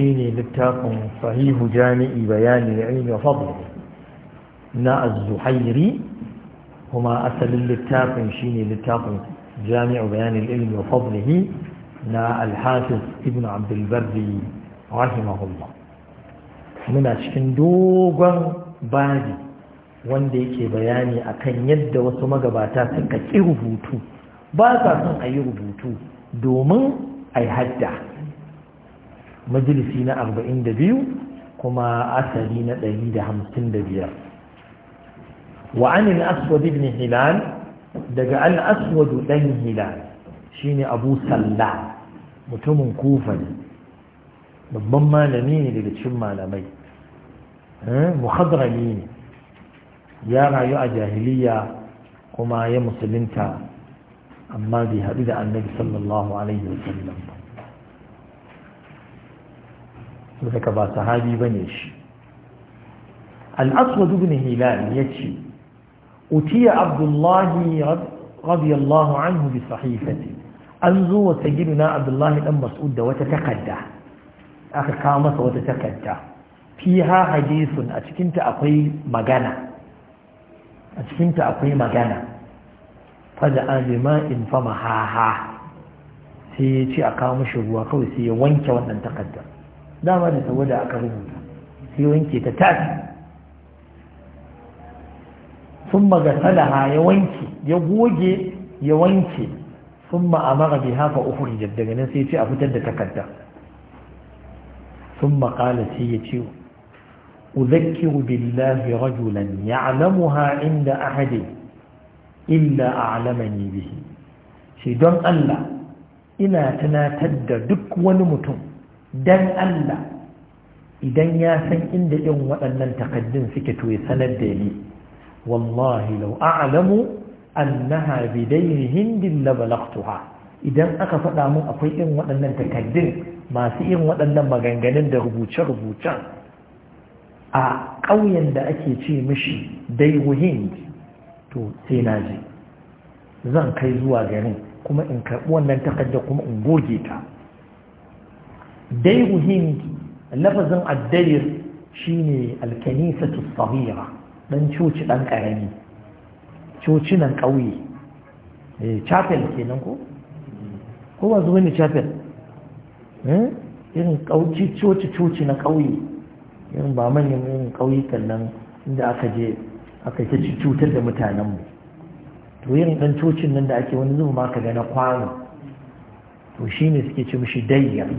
ne littafin sahihu jami'i bayani ilmi wa na az-zuhairi kuma asalin littafin ne littafin jami'u bayani ilmi wa na al-hafiz ibn abd barri rahimahullah muna cikin dogon baji wanda yake bayani akan yadda wasu magabata suka ƙi rubutu ba sa son a yi rubutu domin a yi hadda majalisi na 42 kuma asali na 155 wa an al-aswad ibn hilal daga al-aswad dan hilal shine abu salla mutumin kufa ne babban malami ne daga cikin malamai eh, muhadrami ne ya rayu a jahiliya kuma ya musulunta amma bai haɗu da annabi sallallahu alaihi wasallam ba daga ba sahabi bane shi al-aswad ibn hilal yace utiya abdullahi radiyallahu anhu bi sahifati an zo wa sayyidina abdullahi dan mas'ud da wata takadda aka kawo masa wata takadda fiha hadithun a cikin ta akwai magana a cikin ta akwai magana fada azima in fama ha sai ya ci a kawo mishi ruwa kawai sai ya wanke wannan takaddar dama da tawo da aka rubuta sai wanke ta tashi sun ga salaha ya wanke ya goge ya wanke sun ma amara bi hafa uku daga nan sai ce a fitar da takarda sun makala sai ya ce uzakiru billahi rajulan ya alamuha inda ahadi illa a alamani bihi shi don allah ina tunatar da duk wani mutum dan Allah idan ya san inda irin waɗannan takaddun suke to ya sanar da ni wallahi law a'lamu annaha bidayni hindin la idan aka faɗa mun akwai irin waɗannan takaddun masu irin waɗannan maganganun da rubuce-rubucen a ƙauyen da ake ce mishi dai hind to sai na je zan kai zuwa garin kuma in karɓi wannan takaddun kuma in goge ta dairu hindi lafazin addair shine alkanisatu sabira dan coci dan karami cocinan ƙauye chapel kenan ko ko ba zuwa ne chapel irin kauci coci coci na ƙauye irin ba manyan irin ƙauyukan nan inda aka je aka ta cutar da mutanenmu to irin ɗan cocin nan da ake wani zuwa maka ka ga na kwano to shine suke ci mishi dayyar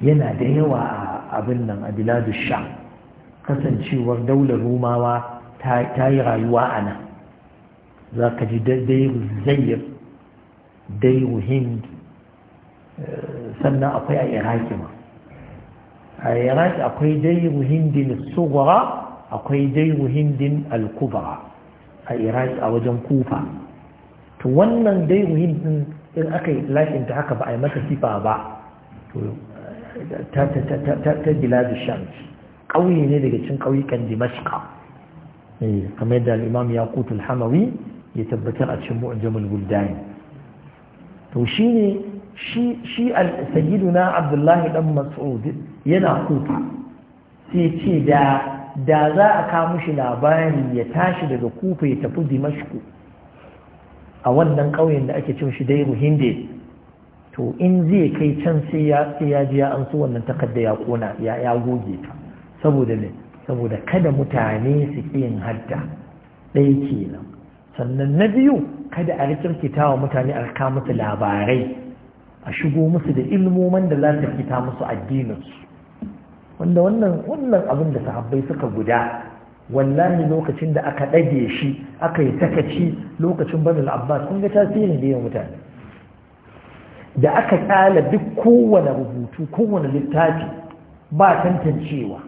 yana da yawa a abin nan a biladu sha kasancewar daular rumawa ta yi rayuwa a nan za ka ji dairu zayir dairu hind eh, sannan akwai a iraki ma a iraki akwai dairu hindin tsogora akwai dairu hindin alkubara a iraki a wajen kufa to wannan dairu hindin in aka yi lafinta haka ba a yi mata sifa ba ta biladu shams ƙauye ne daga cin ƙauyukan dimashka eh, kamar yadda al'imam ya kutul hamawi ya tabbatar a cikin mu'ajamul guldani to shi ne shi na abdullahi dan mas'ud yana kuka sai ce da za a kawo shi labari ya tashi daga kufa ya tafi dimashku a wannan ƙauyen da ake cin shi dai ruhinde to in zai kai can sai ya ji ya an su wannan takarda ya kona ya goge ta saboda ne saboda kada mutane su yin hadda ɗaya kenan sannan na biyu kada a fita wa mutane a kawo musu labarai a shigo musu da ilmoman da za su fita musu addininsu wanda wannan wannan abin da sahabbai suka guda wallahi lokacin da aka ɗage shi aka yi sakaci lokacin banul abbas kun ga tasirin da yin mutane da aka tsala duk kowane rubutu kowane littafi ba tantancewa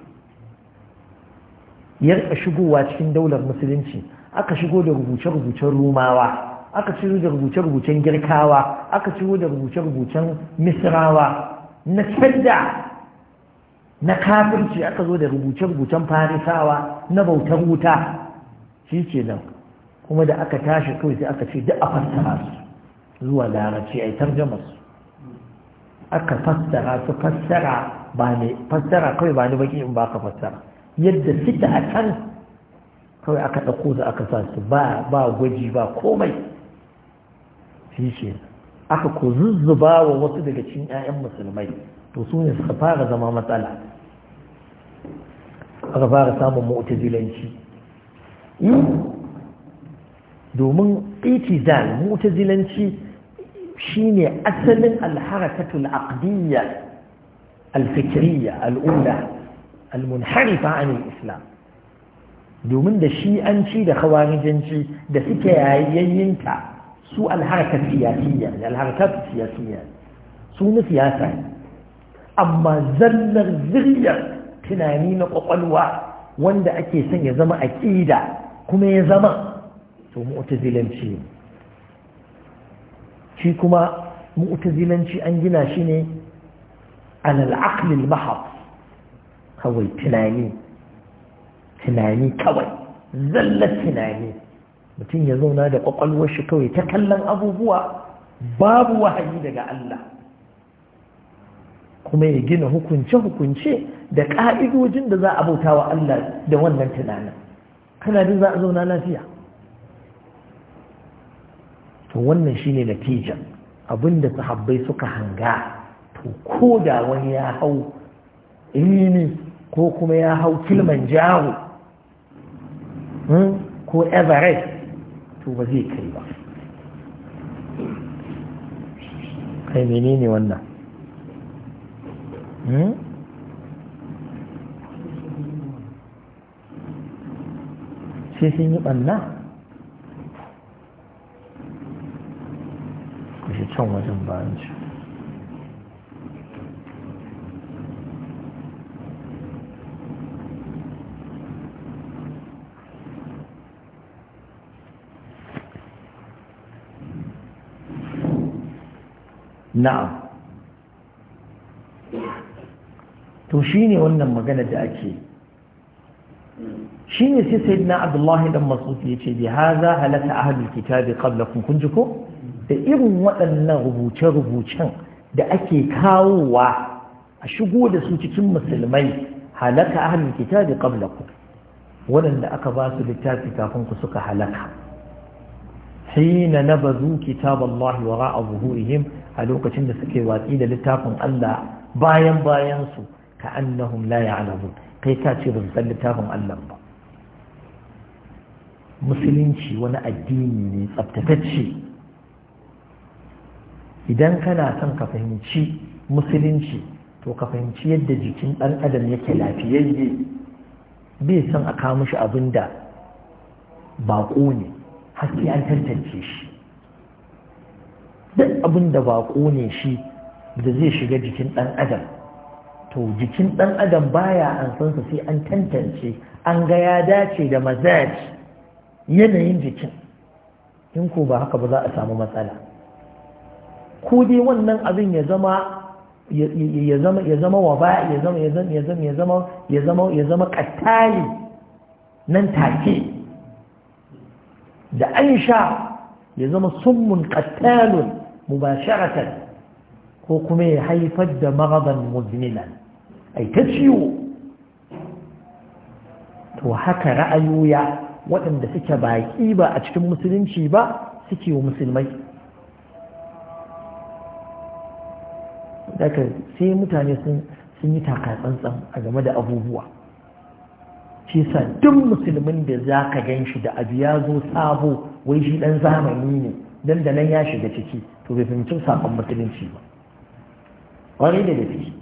yarka shigowa cikin daular musulunci aka shigo da rubuce-rubucen rumawa aka shigo da rubuce-rubucen girkawa aka shigo da rubuce-rubucen misrawa na cadda na kafirci aka zo da rubuce-rubucen farisawa na bautar wuta shi ce nan kuma da aka tashi kawai sai aka ce duk a fassara su zuwa larabci a tarjama su aka fassara su fassara ba ne fassara kawai ba ne baki in ba ka fassara yadda suke a can kawai aka ɗauko su aka sa su ba gwaji ba komai shi ce aka ko zuzzuba wa wasu daga cikin 'ya'yan musulmai to su ne suka fara zama matsala aka fara samun mota zilanci hmm? domin itizal zilanci. shine asalin alharakatul aqdiyya alfikriyya al'ula almunharifa an islam domin da shi'anci da khawarijanci da suke yayyinta su alharakar siyasiyya ne alharakar siyasiyya su na siyasa ne amma zallar ziryar tunani na kwakwalwa wanda ake son ya zama aƙida kuma ya zama to mu'tazilanci ne shi kuma mu'tazilanci an gina shi ne alal aqlil mahab kawai tunani tunani kawai zallar tunani mutum ya zauna da kwakwalwar shi kawai ta kallon abubuwa babu wahayi daga Allah kuma ya gina hukunce-hukunce da ƙa'idojin da za a bauta wa Allah da wannan tunanin kana da za a zauna lafiya to wannan shine natija abinda sahabbai suka hanga to ko da wani ya hau ilimi ko kuma ya hau kilimanjaro hmm, ko everest to ba zai kai ba kai menene wannan hmm? sai sun yi ɓanna can wajen bayan shi na'am to shi ne wannan magana da ake ne sai sai na abdullahi dan mas'ud yace bi hadha halaka ahlul kitabi qablakum kun ji ko da irin waɗannan rubuce-rubucen da ake kawowa a shigo da su cikin musulmai halaka ahlul kitabi ku. waɗanda aka ba su littafi kafin ku suka halaka hina nabazu kitaballahi wara'a zuhurihim a lokacin da suke watsi da littafin Allah bayan bayan su ka annahum la ya'lamun kai ka ce ba su san littafin Allah ba musulunci wani addini ne tsaftatacce idan kana son ka fahimci musulunci to ka fahimci yadda jikin ɗan adam yake lafiyayye bai son a kawo mishi abin da baƙo ne haske an tantance shi duk abin da baƙo ne shi da zai shiga jikin ɗan adam to jikin ɗan adam baya an sansa sai an tantance an ga ya dace da mazaj yanayin jikin in ko ba haka ba za a samu matsala ko dai wannan abin ya zama ya zama ya zama waba ya zama ya zama ya zama ya zama ya zama ya zama kattali nan take da an sha ya zama summun kattalun mubasharatan ko kuma ya haifar da maraban muzmilan ai ta ciwo to haka ra'ayoya waɗanda suke baƙi ba a cikin musulunci ba suke wa musulmai daga sai mutane sun yi taka tsantsan a game da abubuwa shi sa duk musulmin da za ka gan shi da abu ya zo sabo wai shi dan zamani ne dan da nan ya shiga ciki to bai fahimci sakon musulunci ba wani da gaske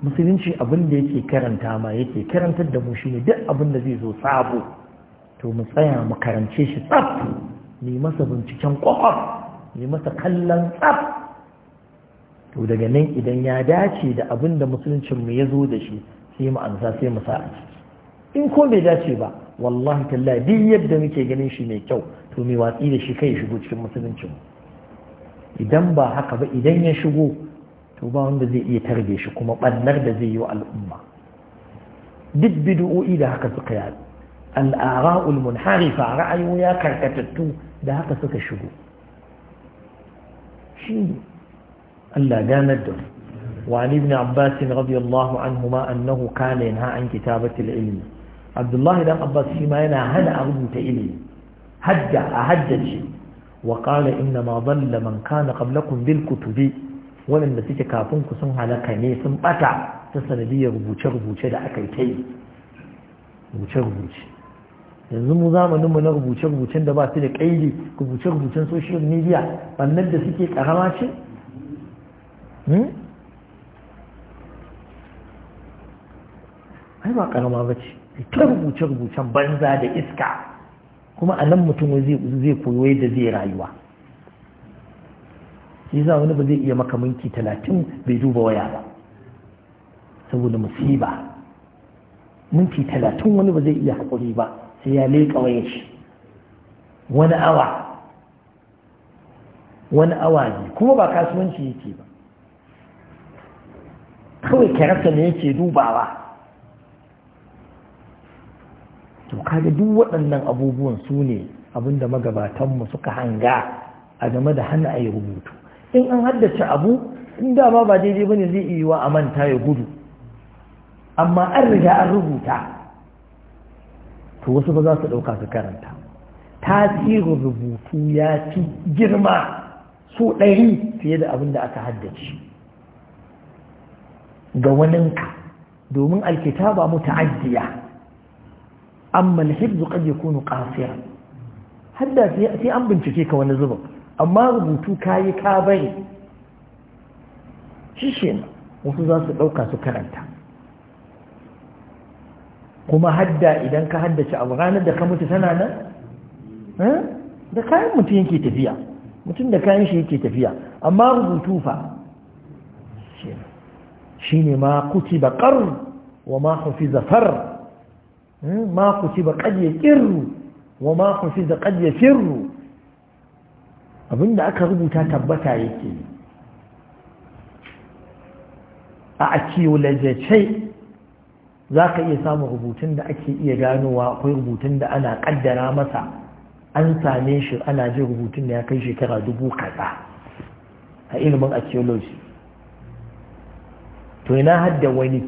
musulunci abin da yake karanta ma yake karantar da mu shine duk abin da zai zo sabo to mu tsaya mu karance shi tsaf ne masa binciken kwakwar ne masa kallon tsaf to daga nan idan ya dace da abin da musuluncinmu ya zo da shi sai mu ansa sai mu sa in ko bai dace ba wallahi talla duk yadda muke ganin shi mai kyau to mai watsi da shi kai shigo cikin musuluncinmu idan ba haka ba idan ya shigo to ba wanda zai iya tarbe shi kuma ɓannar da zai yi wa al'umma duk bid'o'i da haka suka yi al'ara'ul munharifa ra'ayoyi karkatattu da haka suka shigo shi Allah ganar da wani ibn Abbas radi anhuma anhu ma annahu kana yanha an kitabatul ilmi Abdullah ibn Abbas shi ma yana hana a rubuta ilmi hajja a hajjaji wa qala inna ma dhalla man kana qablakum bil kutubi suke kafin ku sun halaka ne sun bata ta sanadiyar rubuce rubuce da aka yi rubuce yanzu mu zamanin mu na rubuce rubucen da ba su da kaidi rubuce rubucen social midiya wannan da suke karama ce Hmm? ai ba karama ba ce ta rubuce-rubucen banza da iska kuma a nan mutum zai koyo yadda zai rayuwa shi za wani ba zai iya maka minti talatin bai duba waya ba saboda musiba minti talatin wani ba zai iya haƙuri ba sai ya leƙa waya shi wani awa wani awa ne kuma ba kasuwanci yake ba kawai ka ne yake dubawa to kaga duk waɗannan abubuwan su ne abinda magabatanmu suka hanga a game da hana a yi rubutu in an haddace abu in dama ba daidai bane zai iya wa a manta ya gudu amma an riga an rubuta to wasu ba za su ɗauka su karanta tasirin rubutu ya fi girma su ɗari fiye da abin da aka haddace ga waninka domin alkitaba muta'addiya amma alhibzu qad kunu qasiran hadda sai an bincike ka wani zubin amma rubutu kayi ka bari shi shi wasu za su ɗauka su karanta kuma hadda idan ka haddace abu ranar da ka mutu tana nan eh? da kayan mutum yake tafiya mutum da kayan shi yake tafiya amma rubutu fa shine ma ba ƙar wa ma kufi zafar? Hmm? ma kutiba qad ƙirru, wa ma da qad firru abinda aka rubuta tabbata yake a archaeology za ka iya samun rubutun da ake iya ganowa akwai rubutun da ana ƙaddara masa an same shi ana jin rubutun da ya kai shekara dubu kaza a ilimin archaeology to ina hadda wani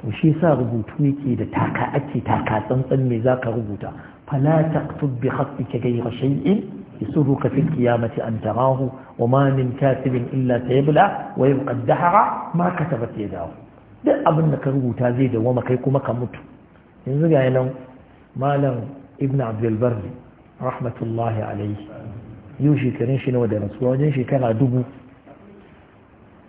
to shi sa rubutu yake da taka ake taka tsantsan me za ka rubuta fala taqtub bi khatika ghayra shay'in yusuruka fi qiyamati an tarahu wa ma min من illa إلا wa yabqa dahara ma katabat yadahu duk abin da ka rubuta zai da wama kai kuma ka mutu yanzu ga nan malam ibn al-barri rahmatullahi alayhi yushi shekarun shi ne da rasuwa wajen shekara dubu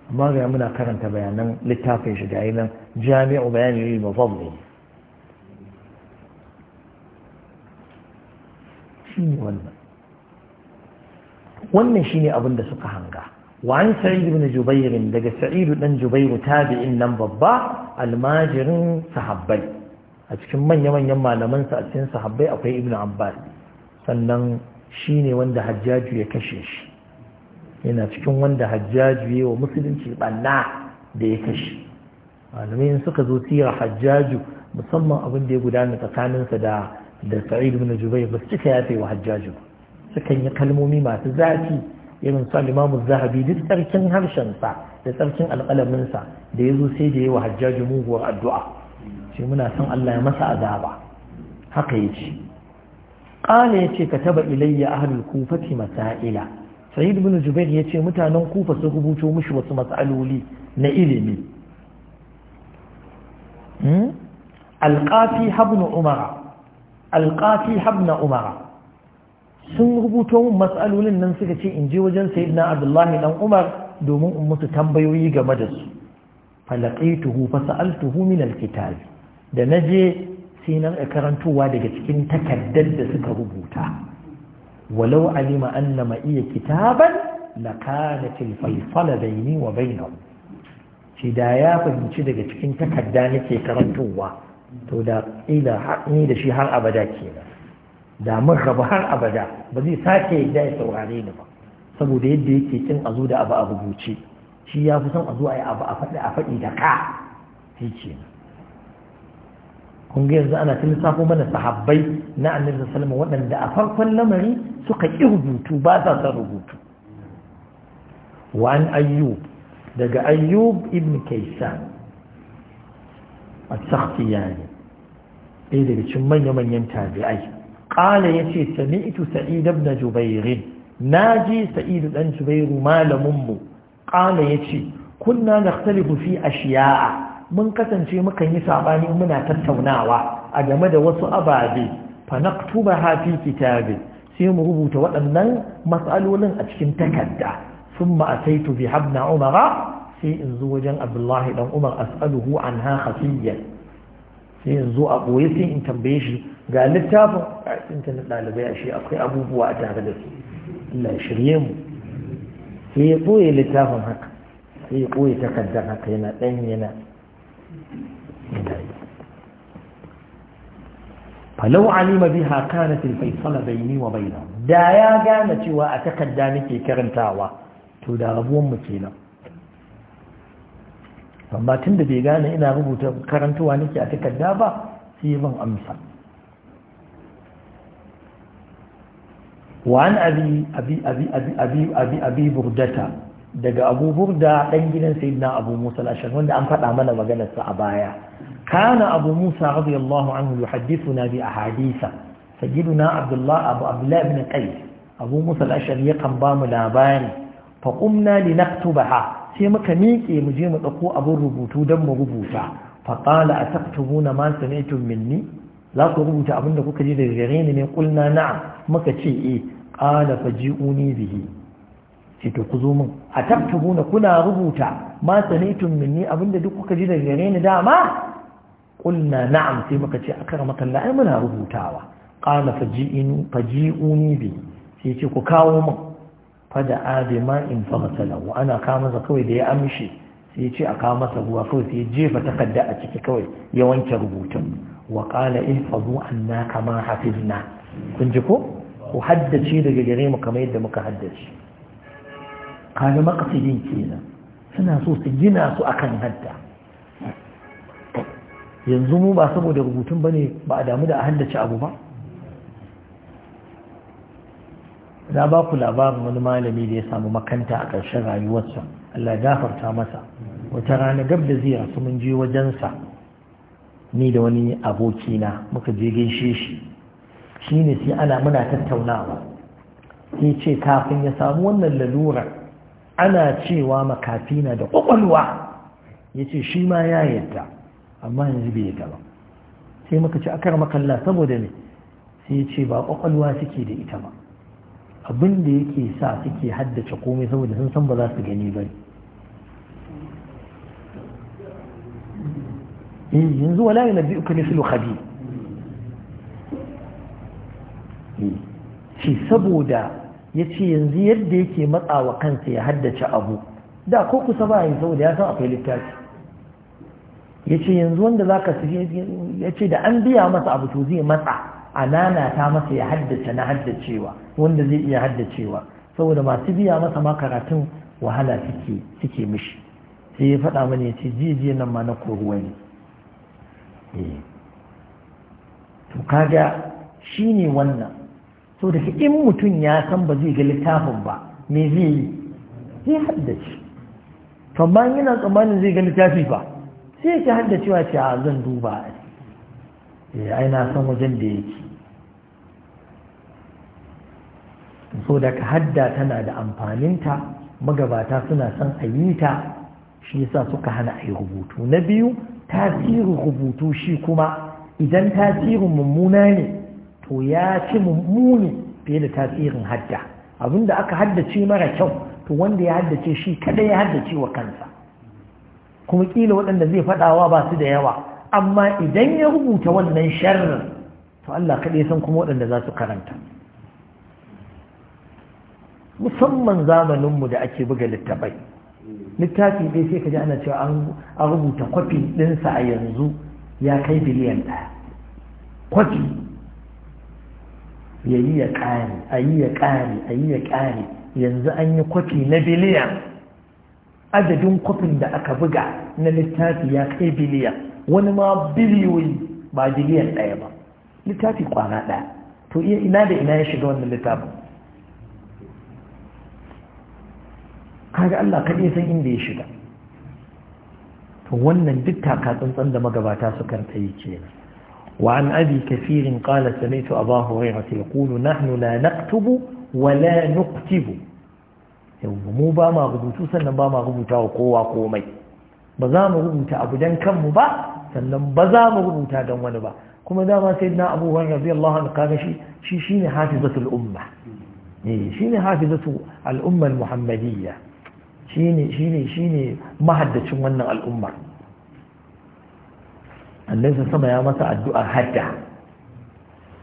amma muna karanta bayanan littafin shi ga nan jami'u bayani yi mafabli ne wannan shi ne abinda suka hanga wa Sa'idu na ibn jubairin daga sa'idu dan jubairu tabi'in nan babba almajirin sahabbai a cikin manya-manyan malaman sa a cikin sahabbai akwai ibn abbas sannan shi ne wanda hajjaju ya kashe shi yana cikin wanda hajjaju yi wa musulunci ɓanna da ya kashe malamai suka zo tira hajjaju musamman abin da ya gudana tsakaninsa da da sa'id ibn jubair ba su cika yafe wa hajjaju sukan yi kalmomi masu zafi irin su al zahabi duk tsarkin sa da tsarkin sa, da ya zo sai da ya wa hajjaju muguwar addu'a ce muna son Allah ya masa azaba haka ya ce ƙala ya ce ka taba ilayya ahlul kufati masaila sa'id bin jubair ya ce mutanen kufa sun rubuto mushi wasu matsaloli na ilimi hmm? alƙafi habnu umara alƙafi habna umara sun rubuto mun matsalolin nan suka ce in je wajen sayyidina abdullahi dan umar domin in musu tambayoyi game da su falaqituhu tuhu min alkitab da na je sinar a karantowa daga cikin takardar da suka rubuta walau alima na ma iya kitaban la kana til faisala baini wa bainahu shi da ya fahimci daga cikin takarda nake karantowa to da ila ni da shi har abada kenan da mun rabu har abada ba zai sake yadda ya saurare ni ba saboda yadda yake kin azu da abu a rubuce shi ya fi son a zo a yi abu a faɗi da ka shi kenan kun ga yanzu ana ta lissafo mana sahabbai na annabi sallallahu waɗanda a farkon lamari suka ƙi rubutu ba sa rubutu wa an ayyub daga ayyub ibn kaisan as-sakhtiyani ɗaya daga cikin manya-manyan tabi'ai qala yace sami'tu sa'id ibn jubair naji sa'id dan jubairu malamin mu qala yace kunna nakhtalifu fi ashiya'a mun kasance mukan yi saɓani muna tattaunawa a game da wasu ababe fa naktubaha fi kitabi sai mu rubuta waɗannan matsalolin a cikin takarda thumma ataitu bi habna umara sai in zo wajen abdullahi dan umar as'aluhu anha khafiyya sai in zo a ɓoye, sai in tambaye shi ga littafin a intanet ɗalibai a shi akwai abubuwa a tare da su Allah ya shirye mu sai ya ɓoye littafin haka sai ya ɓoye takardar haka yana ɗan yana falau alima biha kanat alfaisala baini wa baina da ya gane cewa a takarda nake karantawa to da rabuwan mu kenan amma tunda bai gane ina rubuta karantawa nake a takarda ba sai ban amsa وعن abi أبي daga abu burda ɗan gidan sayyidina abu musa wanda an faɗa mana maganarsa a baya kana abu musa radiyallahu anhu na bi ahadisa sayyiduna abdullah abu abdullah ibn qais abu musa al ya kan ba mu labari fa qumna linaktubaha sai muka miƙe mu je mu ɗauko abun rubutu don mu rubuta fa qala ataqtubuna ma sami'tum minni za ku rubuta abin da kuka je daga gare ni ne kulna na'am muka ce eh qala faji'uni bihi ce to ku zo min a na kuna rubuta ma sanitun minni abinda duk kuka ji daga gare ni dama qulna na'am sai muka ce akramaka Allah ai muna rubutawa qala faji'in faji'uni bi sai ce ku kawo min fada adima in faghsala wa ana ka masa kawai da ya amshi sai ce a kawo masa ruwa kawai sai jefa takarda a ciki kawai ya wanke rubutun wa qala ihfazu anna kama hafizna kun ji ko ku haddace daga gare mu kamar yadda muka haddace kaga maqsidin kenan suna so su gina su akan hadda yanzu mu ba saboda rubutun bane ba a damu da a haddace abu ba na ba ku labarin wani malami da ya samu makanta a ƙarshen rayuwarsa Allah gafarta masa wata rana gab da zai rasu mun je wajensa ni da wani abokina muka je gaishe shi shine sai ana muna tattaunawa sai ce kafin ya samu wannan lalurar ana cewa makafi na da kwakwalwa ya ce shi ma ya yadda amma yanzu bai yadda ba sai muka ci akar makalla saboda ne sai ce ba kwakwalwa suke da ita ba abin da yake sa suke haddace komai saboda sun san ba za su gani ba eh, yanzu wala yana biyu ka mislu khabi eh, saboda ya ce yanzu yadda yake matsawa kansa ya haddace abu da ko kusa ba yi saboda ya san akwai littafi ya ce yanzu wanda za ka ya ce da an biya masa abu to zai matsa a Nana ta masa ya haddace na haddacewa wanda zai iya haddacewa saboda masu biya masa ma karatun wahala suke mishi sai ya faɗa mana ya ce jijiya nan ma na koruwa ne eh. to kaga shi ne wannan so da in mutum ya san ba zai ga littafin ba me zai yi zai haddace to yana tsammanin zai ga littafi ba sai yake haddacewa ce a zan duba ya eh, ai na san wajen da yake so da ka hadda tana da amfaninta magabata suna san ayyuta ta shi yasa suka hana a yi rubutu na biyu tasirin rubutu shi kuma idan tasirin mummuna ne to ya ci mummuni fiye da tasirin hadda abinda aka haddace mara kyau to wanda ya haddace shi kadai ya haddace wa kansa kuma kila waɗanda zai faɗawa ba su da yawa amma idan ya rubuta wannan sharrin to Allah kadai san kuma waɗanda za su karanta musamman zamaninmu da ake buga littafai littafi ɗaya sai ka ji ana cewa an rubuta kwafi ɗinsa a yanzu ya kai biliyan ɗaya kwafi ya yi ya ƙare a yi ya ƙare a yi ya ƙare yanzu an yi kwafi na biliyan adadin kwafin da aka buga na littafi ya kai biliyan wani ma biliyoyi ba biliyan ɗaya ba littafi kwana ɗaya to iya ina da ina ya shiga wannan littafin kaga Allah iya san inda ya shiga to wannan duk taka tsantsan da magabata suka tsaye kenan وعن أبي كثير قال سمعت أبا هريرة يقول نحن لا نكتب ولا نكتب mu ba ma rubutu sannan ba ma rubuta wa kowa komai ba za mu rubuta abu don kanmu ba sannan ba za mu rubuta don wani ba kuma dama sai na abubuwan rabi Allah an kaga shi shi shi ne hafizatul umma shi ne hafizatul al'ummar muhammadiyya shi ne mahaddacin wannan al'ummar annan sama ya masa addu'ar hadda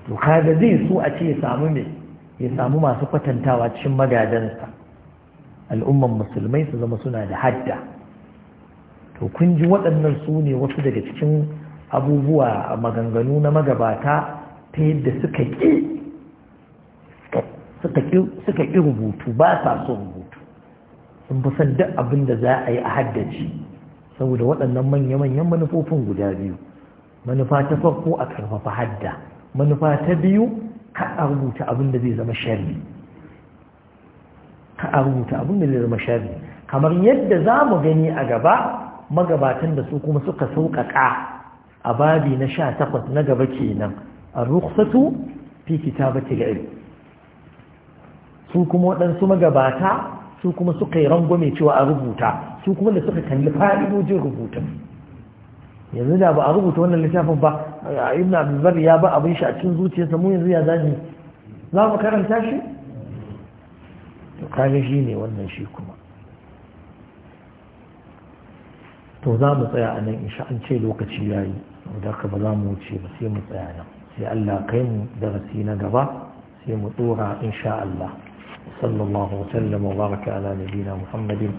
to kaga zai so a ce ya samu ne ya samu masu kwatantawa cikin magadansa al'umman musulmai su zama suna da hadda to kun ji waɗannan su ne wasu daga cikin abubuwa maganganu na magabata ta yadda suka ƙi rubutu ba sa so rubutu sun fi son duk abin da za a yi a haddace saboda waɗannan manya-manyan manufofin guda biyu manufa ta farko a karfafa hadda manufa ta biyu ka a rubuta abin da zai zama shari ka rubuta abin da zai zama shari kamar yadda za mu gani a gaba magabatan da su kuma suka sauƙaƙa a babi na sha takwas na gaba kenan a rukhsatu fi kitabati al su kuma waɗansu magabata su kuma suka yi rangwame cewa a rubuta su kuma da suka kalli fa'idojin rubutun yanzu da ba a rubuta wannan littafin ba ibn abdulbar ya ba abin shi a cikin zuciyarsa mu yanzu ya zaji za mu karanta shi to kaga shi ne wannan shi kuma to za mu tsaya a nan insha an ce lokaci ya yi da ka ba za mu wuce ba sai mu tsaya nan sai Allah kai mu darasi na gaba sai mu tsora insha Allah sallallahu alaihi wa sallam wa baraka ala nabiyina Muhammadin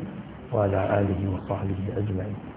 wa ala alihi wa sahbihi ajma'in